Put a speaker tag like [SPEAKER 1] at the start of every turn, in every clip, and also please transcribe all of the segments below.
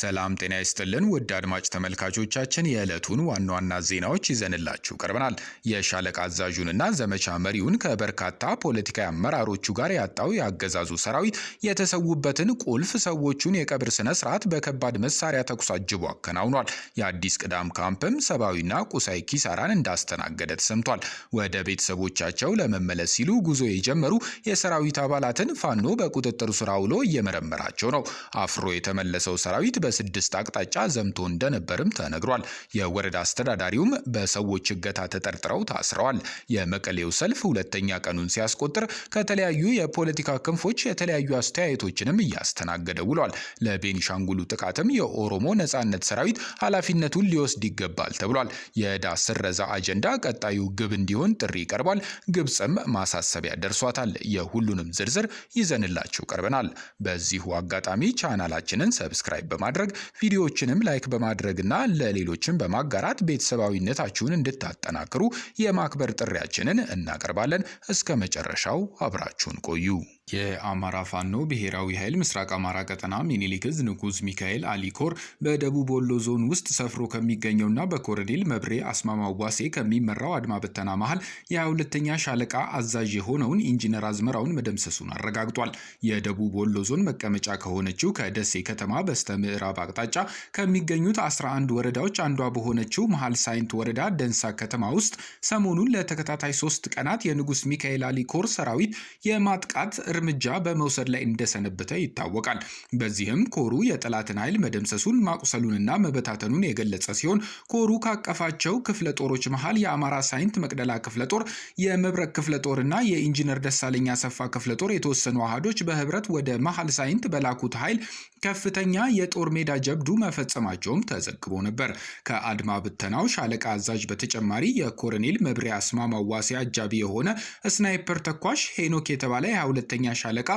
[SPEAKER 1] ሰላም ጤና ይስጥልን ውድ አድማጭ ተመልካቾቻችን የዕለቱን ዋና ዋና ዜናዎች ይዘንላችሁ ቀርበናል። የሻለቃ አዛዡንና ዘመቻ መሪውን ከበርካታ ፖለቲካዊ አመራሮቹ ጋር ያጣው የአገዛዙ ሰራዊት የተሰዉበትን ቁልፍ ሰዎቹን የቀብር ስነ ስርዓት በከባድ መሳሪያ ተኩስ አጅቦ አከናውኗል። የአዲስ ቅዳም ካምፕም ሰብአዊና ቁሳዊ ኪሳራን እንዳስተናገደ ተሰምቷል። ወደ ቤተሰቦቻቸው ለመመለስ ሲሉ ጉዞ የጀመሩ የሰራዊት አባላትን ፋኖ በቁጥጥር ስር አውሎ እየመረመራቸው ነው። አፍሮ የተመለሰው ሰራዊት በስድስት አቅጣጫ ዘምቶ እንደነበርም ተነግሯል። የወረዳ አስተዳዳሪውም በሰዎች እገታ ተጠርጥረው ታስረዋል። የመቀሌው ሰልፍ ሁለተኛ ቀኑን ሲያስቆጥር ከተለያዩ የፖለቲካ ክንፎች የተለያዩ አስተያየቶችንም እያስተናገደ ውሏል። ለቤኒሻንጉሉ ጥቃትም የኦሮሞ ነጻነት ሰራዊት ኃላፊነቱን ሊወስድ ይገባል ተብሏል። የዕዳ ስረዛ አጀንዳ ቀጣዩ ግብ እንዲሆን ጥሪ ቀርቧል። ግብፅም ማሳሰቢያ ደርሷታል። የሁሉንም ዝርዝር ይዘንላችሁ ቀርበናል። በዚሁ አጋጣሚ ቻናላችንን ሰብስክራይብ በማድረግ በማድረግ ቪዲዮዎችንም ላይክ በማድረግና ለሌሎችም በማጋራት ቤተሰባዊነታችሁን እንድታጠናክሩ የማክበር ጥሪያችንን እናቀርባለን። እስከ መጨረሻው አብራችሁን ቆዩ። የአማራ ፋኖ ብሔራዊ ኃይል ምስራቅ አማራ ቀጠና ሚኒሊክ ንጉስ ሚካኤል አሊኮር በደቡብ ወሎ ዞን ውስጥ ሰፍሮ ከሚገኘውና በኮሎኔል መብሬ አስማማው ዋሴ ከሚመራው አድማ በተና መሃል የ22ኛ ሻለቃ አዛዥ የሆነውን ኢንጂነር አዝመራውን መደምሰሱን አረጋግጧል። የደቡብ ወሎ ዞን መቀመጫ ከሆነችው ከደሴ ከተማ በስተ ምዕራብ አቅጣጫ ከሚገኙት 11 ወረዳዎች አንዷ በሆነችው መሃል ሳይንት ወረዳ ደንሳ ከተማ ውስጥ ሰሞኑን ለተከታታይ ሶስት ቀናት የንጉስ ሚካኤል አሊኮር ሰራዊት የማጥቃት እርምጃ በመውሰድ ላይ እንደሰነበተ ይታወቃል። በዚህም ኮሩ የጠላትን ኃይል መደምሰሱን ማቁሰሉንና መበታተኑን የገለጸ ሲሆን ኮሩ ካቀፋቸው ክፍለ ጦሮች መሃል የአማራ ሳይንት መቅደላ ክፍለ ጦር፣ የመብረቅ ክፍለ ጦርና የኢንጂነር ደሳለኛ ሰፋ ክፍለ ጦር የተወሰኑ አሃዶች በህብረት ወደ መሃል ሳይንት በላኩት ኃይል ከፍተኛ የጦር ሜዳ ጀብዱ መፈጸማቸውም ተዘግቦ ነበር። ከአድማ ብተናው ሻለቃ አዛዥ በተጨማሪ የኮሎኔል መብሪያ አስማማው ዋሴ አጃቢ የሆነ ስናይፐር ተኳሽ ሄኖክ የተባለ የ22ኛ ሻለቃ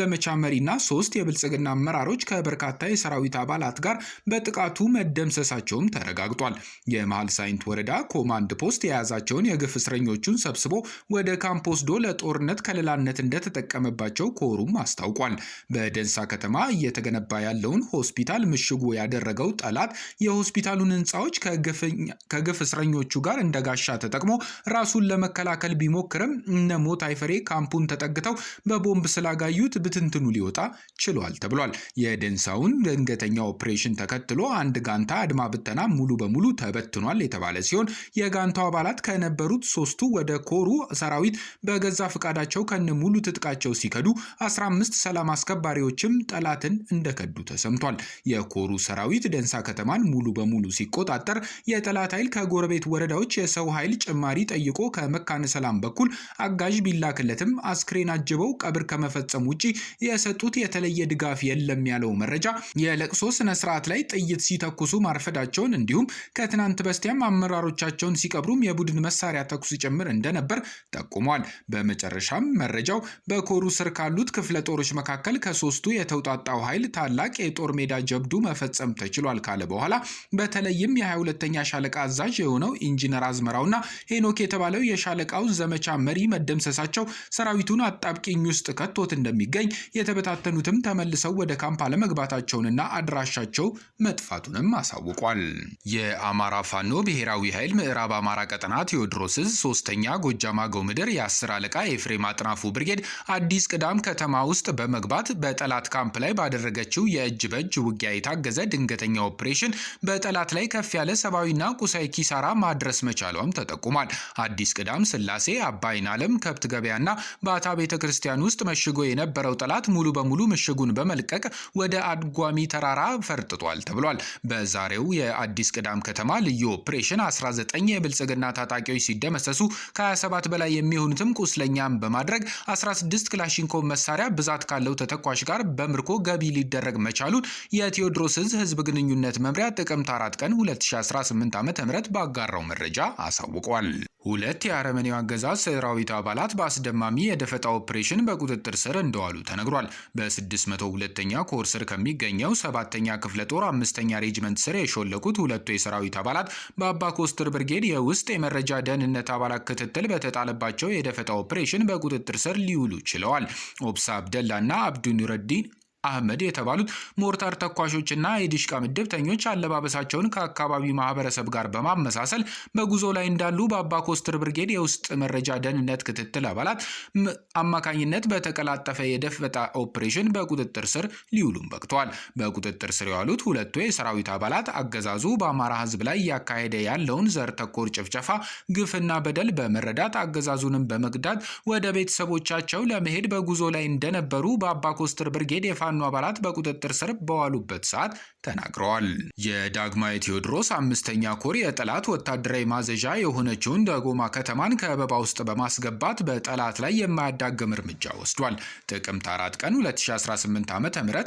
[SPEAKER 1] ዘመቻ መሪና ሶስት የብልጽግና አመራሮች ከበርካታ የሰራዊት አባላት ጋር በጥቃቱ መደምሰሳቸውም ተረጋግጧል። የመሃል ሳይንት ወረዳ ኮማንድ ፖስት የያዛቸውን የግፍ እስረኞቹን ሰብስቦ ወደ ካምፕ ወስዶ ለጦርነት ከለላነት እንደተጠቀመባቸው ኮሩም አስታውቋል። በደንሳ ከተማ እየተገነባ እየገነባ ያለውን ሆስፒታል ምሽጉ ያደረገው ጠላት የሆስፒታሉን ህንፃዎች ከግፍ እስረኞቹ ጋር እንደ ጋሻ ተጠቅሞ ራሱን ለመከላከል ቢሞክርም እነ ሞት አይፈሬ ካምፑን ተጠግተው በቦምብ ስላጋዩት ብትንትኑ ሊወጣ ችሏል ተብሏል። የደንሳውን ድንገተኛ ኦፕሬሽን ተከትሎ አንድ ጋንታ አድማ ብተና ሙሉ በሙሉ ተበትኗል የተባለ ሲሆን የጋንታው አባላት ከነበሩት ሶስቱ ወደ ኮሩ ሰራዊት በገዛ ፈቃዳቸው ከነ ሙሉ ትጥቃቸው ሲከዱ 15 ሰላም አስከባሪዎችም ጠላትን እንደ እንደተከዱ ተሰምቷል። የኮሩ ሰራዊት ደንሳ ከተማን ሙሉ በሙሉ ሲቆጣጠር የጠላት ኃይል ከጎረቤት ወረዳዎች የሰው ኃይል ጭማሪ ጠይቆ ከመካነ ሰላም በኩል አጋዥ ቢላክለትም አስክሬን አጅበው ቀብር ከመፈጸም ውጪ የሰጡት የተለየ ድጋፍ የለም ያለው መረጃ የለቅሶ ስነ ስርዓት ላይ ጥይት ሲተኩሱ ማርፈዳቸውን እንዲሁም ከትናንት በስቲያም አመራሮቻቸውን ሲቀብሩም የቡድን መሳሪያ ተኩስ ጭምር እንደነበር ጠቁሟል። በመጨረሻም መረጃው በኮሩ ስር ካሉት ክፍለ ጦሮች መካከል ከሶስቱ የተውጣጣው ኃይል ታ ታላቅ የጦር ሜዳ ጀብዱ መፈጸም ተችሏል ካለ በኋላ በተለይም የ22ኛ ሻለቃ አዛዥ የሆነው ኢንጂነር አዝመራውና ሄኖክ የተባለው የሻለቃው ዘመቻ መሪ መደምሰሳቸው ሰራዊቱን አጣብቂኝ ውስጥ ከቶት እንደሚገኝ የተበታተኑትም ተመልሰው ወደ ካምፕ አለመግባታቸውንና አድራሻቸው መጥፋቱንም አሳውቋል። የአማራ ፋኖ ብሔራዊ ኃይል ምዕራብ አማራ ቀጠና ቴዎድሮስ ዕዝ ሶስተኛ ጎጃም አገው ምድር የአስር አለቃ ኤፍሬም አጥናፉ ብርጌድ አዲስ ቅዳም ከተማ ውስጥ በመግባት በጠላት ካምፕ ላይ ባደረገችው በተደረገችው የእጅ በእጅ ውጊያ የታገዘ ድንገተኛ ኦፕሬሽን በጠላት ላይ ከፍ ያለ ሰብአዊና ቁሳዊ ኪሳራ ማድረስ መቻሏም ተጠቁሟል። አዲስ ቅዳም ስላሴ፣ አባይን አለም፣ ከብት ገበያና በአታ ቤተ ክርስቲያን ውስጥ መሽጎ የነበረው ጠላት ሙሉ በሙሉ ምሽጉን በመልቀቅ ወደ አድጓሚ ተራራ ፈርጥቷል ተብሏል። በዛሬው የአዲስ ቅዳም ከተማ ልዩ ኦፕሬሽን 19 የብልጽግና ታጣቂዎች ሲደመሰሱ ከ27 በላይ የሚሆኑትም ቁስለኛም በማድረግ 16 ክላሽንኮቭ መሳሪያ ብዛት ካለው ተተኳሽ ጋር በምርኮ ገቢ ሊደረግ ማድረግ መቻሉን የቴዎድሮስ እዝ ህዝብ ግንኙነት መምሪያ ጥቅምት 4 ቀን 2018 ዓ ም ባጋራው መረጃ አሳውቋል። ሁለት የአረመኔው አገዛዝ ሰራዊት አባላት በአስደማሚ የደፈጣ ኦፕሬሽን በቁጥጥር ስር እንደዋሉ ተነግሯል። በ602ኛ ኮር ስር ከሚገኘው ሰባተኛ ክፍለ ጦር አምስተኛ ሬጅመንት ስር የሾለኩት ሁለቱ የሰራዊት አባላት በአባ ኮስትር ብርጌድ የውስጥ የመረጃ ደህንነት አባላት ክትትል በተጣለባቸው የደፈጣ ኦፕሬሽን በቁጥጥር ስር ሊውሉ ችለዋል። ኦብሳ አብደላ እና አብዱኑረዲን አህመድ የተባሉት ሞርታር ተኳሾችና የዲሽቃ ምድብተኞች አለባበሳቸውን ከአካባቢው ማህበረሰብ ጋር በማመሳሰል በጉዞ ላይ እንዳሉ በአባ ኮስትር ብርጌድ የውስጥ መረጃ ደህንነት ክትትል አባላት አማካኝነት በተቀላጠፈ የደፈጣ ኦፕሬሽን በቁጥጥር ስር ሊውሉም በቅተዋል። በቁጥጥር ስር የዋሉት ሁለቱ የሰራዊት አባላት አገዛዙ በአማራ ህዝብ ላይ እያካሄደ ያለውን ዘር ተኮር ጭፍጨፋ፣ ግፍና በደል በመረዳት አገዛዙንም በመግዳት ወደ ቤተሰቦቻቸው ለመሄድ በጉዞ ላይ እንደነበሩ በአባ ኮስትር ብርጌድ የፋ የፋኖ አባላት በቁጥጥር ስር በዋሉበት ሰዓት ተናግረዋል። የዳግማዊ ቴዎድሮስ አምስተኛ ኮር የጠላት ወታደራዊ ማዘዣ የሆነችውን ደጎማ ከተማን ከበባ ውስጥ በማስገባት በጠላት ላይ የማያዳግም እርምጃ ወስዷል። ጥቅምት 4 ቀን 2018 ዓ.ም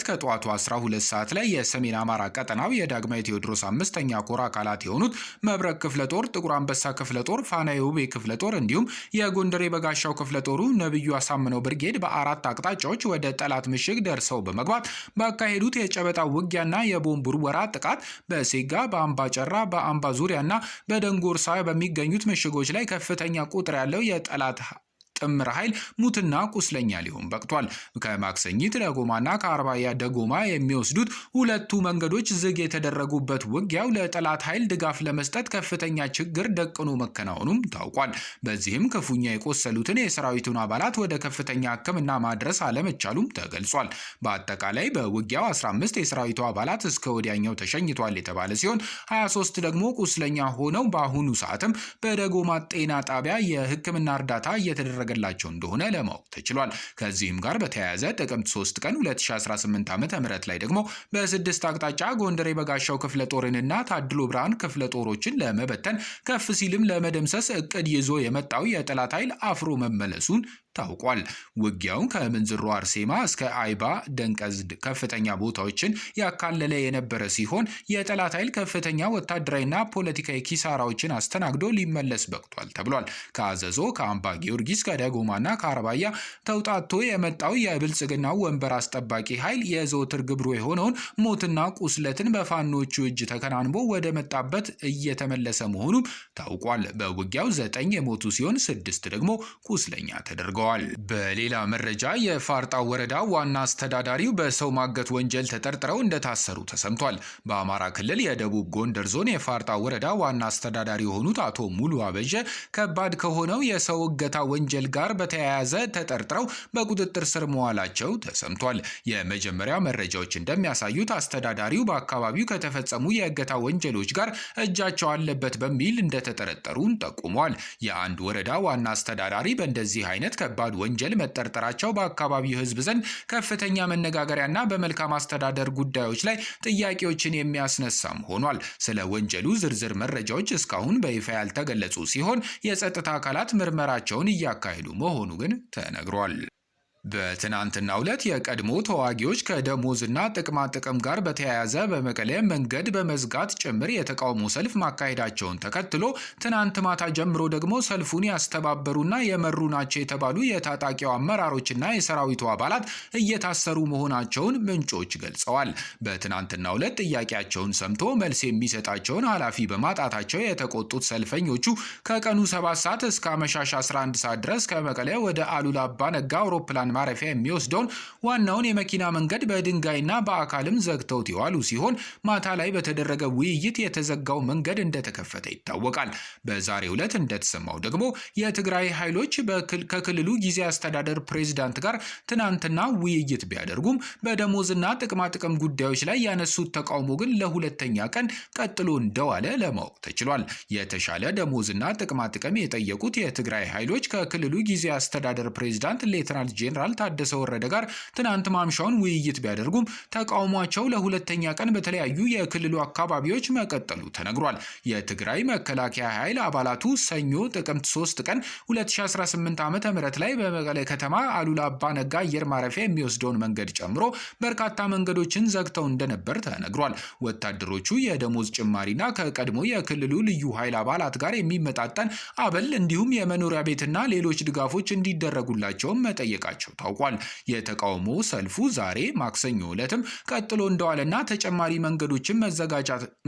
[SPEAKER 1] ከጠዋቱ 12 ሰዓት ላይ የሰሜን አማራ ቀጠናው የዳግማዊ ቴዎድሮስ አምስተኛ ኮር አካላት የሆኑት መብረቅ ክፍለ ጦር፣ ጥቁር አንበሳ ክፍለ ጦር፣ ፋና የውቤ ክፍለ ጦር እንዲሁም የጎንደር የበጋሻው ክፍለ ጦሩ ነብዩ አሳምነው ብርጌድ በአራት አቅጣጫዎች ወደ ጠላት ምሽግ ደርሰው በመግባት ባካሄዱት የጨበጣ ውጊያና የቦምብ ውርወራ ጥቃት በሴጋ በአምባ ጨራ በአምባ ዙሪያና በደንጎርሳ በሚገኙት ምሽጎች ላይ ከፍተኛ ቁጥር ያለው የጠላት ጥምር ኃይል ሙትና ቁስለኛ ሊሆን በቅቷል። ከማክሰኝት ደጎማና ከአርባያ ደጎማ የሚወስዱት ሁለቱ መንገዶች ዝግ የተደረጉበት ውጊያው ለጠላት ኃይል ድጋፍ ለመስጠት ከፍተኛ ችግር ደቅኖ መከናወኑም ታውቋል። በዚህም ክፉኛ የቆሰሉትን የሰራዊቱን አባላት ወደ ከፍተኛ ሕክምና ማድረስ አለመቻሉም ተገልጿል። በአጠቃላይ በውጊያው 15 የሰራዊቱ አባላት እስከ ወዲያኛው ተሸኝቷል የተባለ ሲሆን 23 ደግሞ ቁስለኛ ሆነው በአሁኑ ሰዓትም በደጎማ ጤና ጣቢያ የሕክምና እርዳታ እየተደረገ እየተደረገላቸው እንደሆነ ለማወቅ ተችሏል። ከዚህም ጋር በተያያዘ ጥቅምት 3 ቀን 2018 ዓ ም ላይ ደግሞ በስድስት አቅጣጫ ጎንደር የበጋሻው ክፍለ ጦርንና ታድሎ ብርሃን ክፍለ ጦሮችን ለመበተን ከፍ ሲልም ለመደምሰስ እቅድ ይዞ የመጣው የጠላት ኃይል አፍሮ መመለሱን ታውቋል። ውጊያውን ከምንዝሮ አርሴማ እስከ አይባ ደንቀዝ ከፍተኛ ቦታዎችን ያካለለ የነበረ ሲሆን የጠላት ኃይል ከፍተኛ ወታደራዊና ፖለቲካዊ ኪሳራዎችን አስተናግዶ ሊመለስ በቅቷል ተብሏል። ከአዘዞ ከአምባ ጊዮርጊስ ከአጨደ ጎማና ከአርባያ ተውጣቶ የመጣው የብልጽግናው ወንበር አስጠባቂ ኃይል የዘወትር ግብሩ የሆነውን ሞትና ቁስለትን በፋኖቹ እጅ ተከናንቦ ወደ መጣበት እየተመለሰ መሆኑም ታውቋል። በውጊያው ዘጠኝ የሞቱ ሲሆን ስድስት ደግሞ ቁስለኛ ተደርገዋል። በሌላ መረጃ የፋርጣ ወረዳ ዋና አስተዳዳሪው በሰው ማገት ወንጀል ተጠርጥረው እንደታሰሩ ተሰምቷል። በአማራ ክልል የደቡብ ጎንደር ዞን የፋርጣ ወረዳ ዋና አስተዳዳሪ የሆኑት አቶ ሙሉ አበጀ ከባድ ከሆነው የሰው እገታ ወንጀል ኃይል ጋር በተያያዘ ተጠርጥረው በቁጥጥር ስር መዋላቸው ተሰምቷል። የመጀመሪያ መረጃዎች እንደሚያሳዩት አስተዳዳሪው በአካባቢው ከተፈጸሙ የእገታ ወንጀሎች ጋር እጃቸው አለበት በሚል እንደተጠረጠሩን ጠቁሟል። የአንድ ወረዳ ዋና አስተዳዳሪ በእንደዚህ አይነት ከባድ ወንጀል መጠርጠራቸው በአካባቢው ሕዝብ ዘንድ ከፍተኛ መነጋገሪያና በመልካም አስተዳደር ጉዳዮች ላይ ጥያቄዎችን የሚያስነሳም ሆኗል። ስለ ወንጀሉ ዝርዝር መረጃዎች እስካሁን በይፋ ያልተገለጹ ሲሆን የጸጥታ አካላት ምርመራቸውን እያካሄዱ እየተካሄዱ መሆኑ ግን ተነግሯል። በትናንትናው ዕለት የቀድሞ ተዋጊዎች ከደሞዝና ጥቅማ ጥቅም ጋር በተያያዘ በመቀለ መንገድ በመዝጋት ጭምር የተቃውሞ ሰልፍ ማካሄዳቸውን ተከትሎ ትናንት ማታ ጀምሮ ደግሞ ሰልፉን ያስተባበሩና የመሩ ናቸው የተባሉ የታጣቂው አመራሮችና የሰራዊቱ አባላት እየታሰሩ መሆናቸውን ምንጮች ገልጸዋል። በትናንትናው ዕለት ጥያቄያቸውን ሰምቶ መልስ የሚሰጣቸውን ኃላፊ በማጣታቸው የተቆጡት ሰልፈኞቹ ከቀኑ 7 ሰዓት እስከ አመሻሽ 11 ሰዓት ድረስ ከመቀለ ወደ አሉላ አባ ነጋ አውሮፕላን አውሮፕላን ማረፊያ የሚወስደውን ዋናውን የመኪና መንገድ በድንጋይና በአካልም ዘግተውት የዋሉ ሲሆን ማታ ላይ በተደረገ ውይይት የተዘጋው መንገድ እንደተከፈተ ይታወቃል። በዛሬው ዕለት እንደተሰማው ደግሞ የትግራይ ኃይሎች ከክልሉ ጊዜ አስተዳደር ፕሬዚዳንት ጋር ትናንትና ውይይት ቢያደርጉም በደሞዝና ጥቅማጥቅም ጉዳዮች ላይ ያነሱት ተቃውሞ ግን ለሁለተኛ ቀን ቀጥሎ እንደዋለ ለማወቅ ተችሏል። የተሻለ ደሞዝና ጥቅማጥቅም የጠየቁት የትግራይ ኃይሎች ከክልሉ ጊዜ አስተዳደር ፕሬዚዳንት ሌተናል ጄኔራል ጄኔራል ታደሰ ወረደ ጋር ትናንት ማምሻውን ውይይት ቢያደርጉም ተቃውሟቸው ለሁለተኛ ቀን በተለያዩ የክልሉ አካባቢዎች መቀጠሉ ተነግሯል። የትግራይ መከላከያ ኃይል አባላቱ ሰኞ ጥቅምት 3 ቀን 2018 ዓ ም ላይ በመቀለ ከተማ አሉላ አባ ነጋ አየር ማረፊያ የሚወስደውን መንገድ ጨምሮ በርካታ መንገዶችን ዘግተው እንደነበር ተነግሯል። ወታደሮቹ የደሞዝ ጭማሪና ከቀድሞ የክልሉ ልዩ ኃይል አባላት ጋር የሚመጣጠን አበል እንዲሁም የመኖሪያ ቤትና ሌሎች ድጋፎች እንዲደረጉላቸውም መጠየቃቸው ታውቋል። የተቃውሞ ሰልፉ ዛሬ ማክሰኞ ዕለትም ቀጥሎ እንደዋለና ተጨማሪ መንገዶችን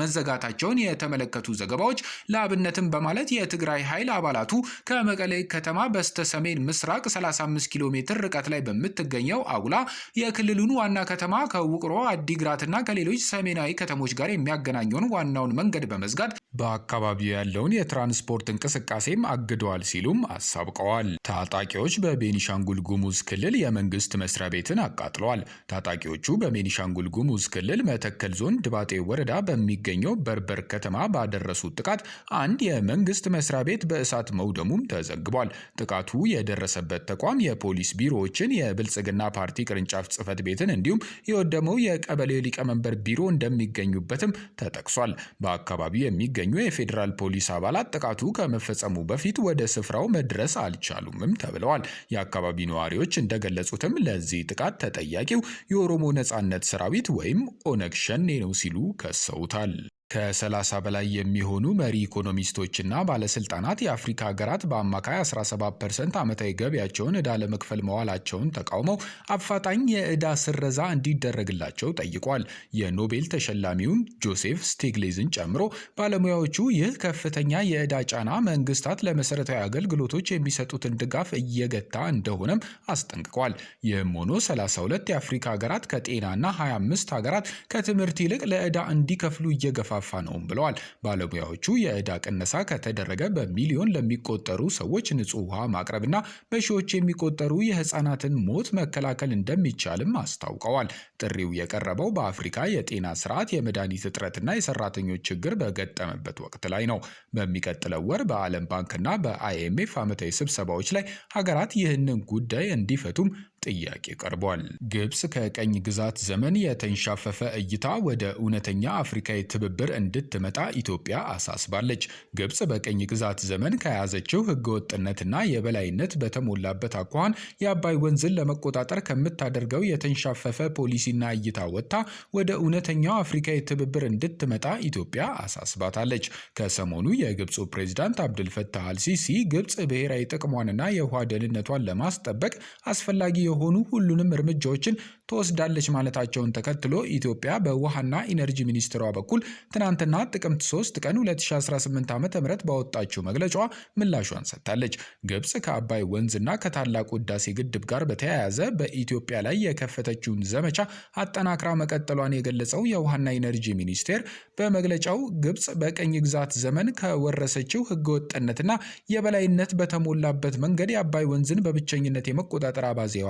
[SPEAKER 1] መዘጋታቸውን የተመለከቱ ዘገባዎች ለአብነትም በማለት የትግራይ ኃይል አባላቱ ከመቀሌ ከተማ በስተ ሰሜን ምስራቅ 35 ኪሎ ሜትር ርቀት ላይ በምትገኘው አጉላ የክልሉን ዋና ከተማ ከውቅሮ አዲግራትና ከሌሎች ሰሜናዊ ከተሞች ጋር የሚያገናኘውን ዋናውን መንገድ በመዝጋት በአካባቢው ያለውን የትራንስፖርት እንቅስቃሴም አግደዋል ሲሉም አሳብቀዋል። ታጣቂዎች በቤኒሻንጉል ጉሙዝ ክልል የመንግስት መስሪያ ቤትን አቃጥለዋል። ታጣቂዎቹ በቤኒሻንጉል ጉሙዝ ክልል መተከል ዞን ድባጤ ወረዳ በሚገኘው በርበር ከተማ ባደረሱት ጥቃት አንድ የመንግስት መስሪያ ቤት በእሳት መውደሙም ተዘግቧል። ጥቃቱ የደረሰበት ተቋም የፖሊስ ቢሮዎችን፣ የብልጽግና ፓርቲ ቅርንጫፍ ጽህፈት ቤትን እንዲሁም የወደመው የቀበሌ ሊቀመንበር ቢሮ እንደሚገኙበትም ተጠቅሷል። በአካባቢው የሚገኙ የፌዴራል ፖሊስ አባላት ጥቃቱ ከመፈጸሙ በፊት ወደ ስፍራው መድረስ አልቻሉምም ተብለዋል። የአካባቢ ነዋሪዎች እንደገለጹትም ለዚህ ጥቃት ተጠያቂው የኦሮሞ ነጻነት ሰራዊት ወይም ኦነግ ሸኔ ነው ሲሉ ከሰውታል። ከ30 በላይ የሚሆኑ መሪ ኢኮኖሚስቶችና ባለስልጣናት የአፍሪካ ሀገራት በአማካይ 17 ፐርሰንት ዓመታዊ ገቢያቸውን ዕዳ ለመክፈል መዋላቸውን ተቃውመው አፋጣኝ የዕዳ ስረዛ እንዲደረግላቸው ጠይቋል። የኖቤል ተሸላሚውን ጆሴፍ ስቲግሊዝን ጨምሮ ባለሙያዎቹ ይህ ከፍተኛ የዕዳ ጫና መንግስታት ለመሠረታዊ አገልግሎቶች የሚሰጡትን ድጋፍ እየገታ እንደሆነም አስጠንቅቋል። ይህም ሆኖ 32 የአፍሪካ ሀገራት ከጤናና 25 ሀገራት ከትምህርት ይልቅ ለዕዳ እንዲከፍሉ እየገፋ እየተስፋፋ ነውም ብለዋል። ባለሙያዎቹ የዕዳ ቅነሳ ከተደረገ በሚሊዮን ለሚቆጠሩ ሰዎች ንጹህ ውሃ ማቅረብና በሺዎች የሚቆጠሩ የህፃናትን ሞት መከላከል እንደሚቻልም አስታውቀዋል። ጥሪው የቀረበው በአፍሪካ የጤና ስርዓት የመድኃኒት እጥረትና የሰራተኞች ችግር በገጠመበት ወቅት ላይ ነው። በሚቀጥለው ወር በዓለም ባንክና በአይኤምኤፍ ዓመታዊ ስብሰባዎች ላይ ሀገራት ይህንን ጉዳይ እንዲፈቱም ጥያቄ ቀርቧል። ግብጽ ከቀኝ ግዛት ዘመን የተንሻፈፈ እይታ ወደ እውነተኛ አፍሪካዊ ትብብር እንድትመጣ ኢትዮጵያ አሳስባለች። ግብጽ በቀኝ ግዛት ዘመን ከያዘችው ህገወጥነትና የበላይነት በተሞላበት አኳኋን የአባይ ወንዝን ለመቆጣጠር ከምታደርገው የተንሻፈፈ ፖሊሲና እይታ ወጥታ ወደ እውነተኛው አፍሪካዊ ትብብር እንድትመጣ ኢትዮጵያ አሳስባታለች። ከሰሞኑ የግብፁ ፕሬዚዳንት አብድልፈታህ አልሲሲ ግብጽ ብሔራዊ ጥቅሟንና የውሃ ደህንነቷን ለማስጠበቅ አስፈላጊ የሆኑ ሁሉንም እርምጃዎችን ትወስዳለች ማለታቸውን ተከትሎ ኢትዮጵያ በውሃና ኢነርጂ ሚኒስትሯ በኩል ትናንትና ጥቅምት 3 ቀን 2018 ም ባወጣችው መግለጫዋ ምላሿን ሰጥታለች። ግብጽ ከአባይ ወንዝና ከታላቁ ሕዳሴ ግድብ ጋር በተያያዘ በኢትዮጵያ ላይ የከፈተችውን ዘመቻ አጠናክራ መቀጠሏን የገለጸው የውሃና ኢነርጂ ሚኒስቴር በመግለጫው ግብጽ በቀኝ ግዛት ዘመን ከወረሰችው ህገወጥነትና የበላይነት በተሞላበት መንገድ የአባይ ወንዝን በብቸኝነት የመቆጣጠር አባዜዋ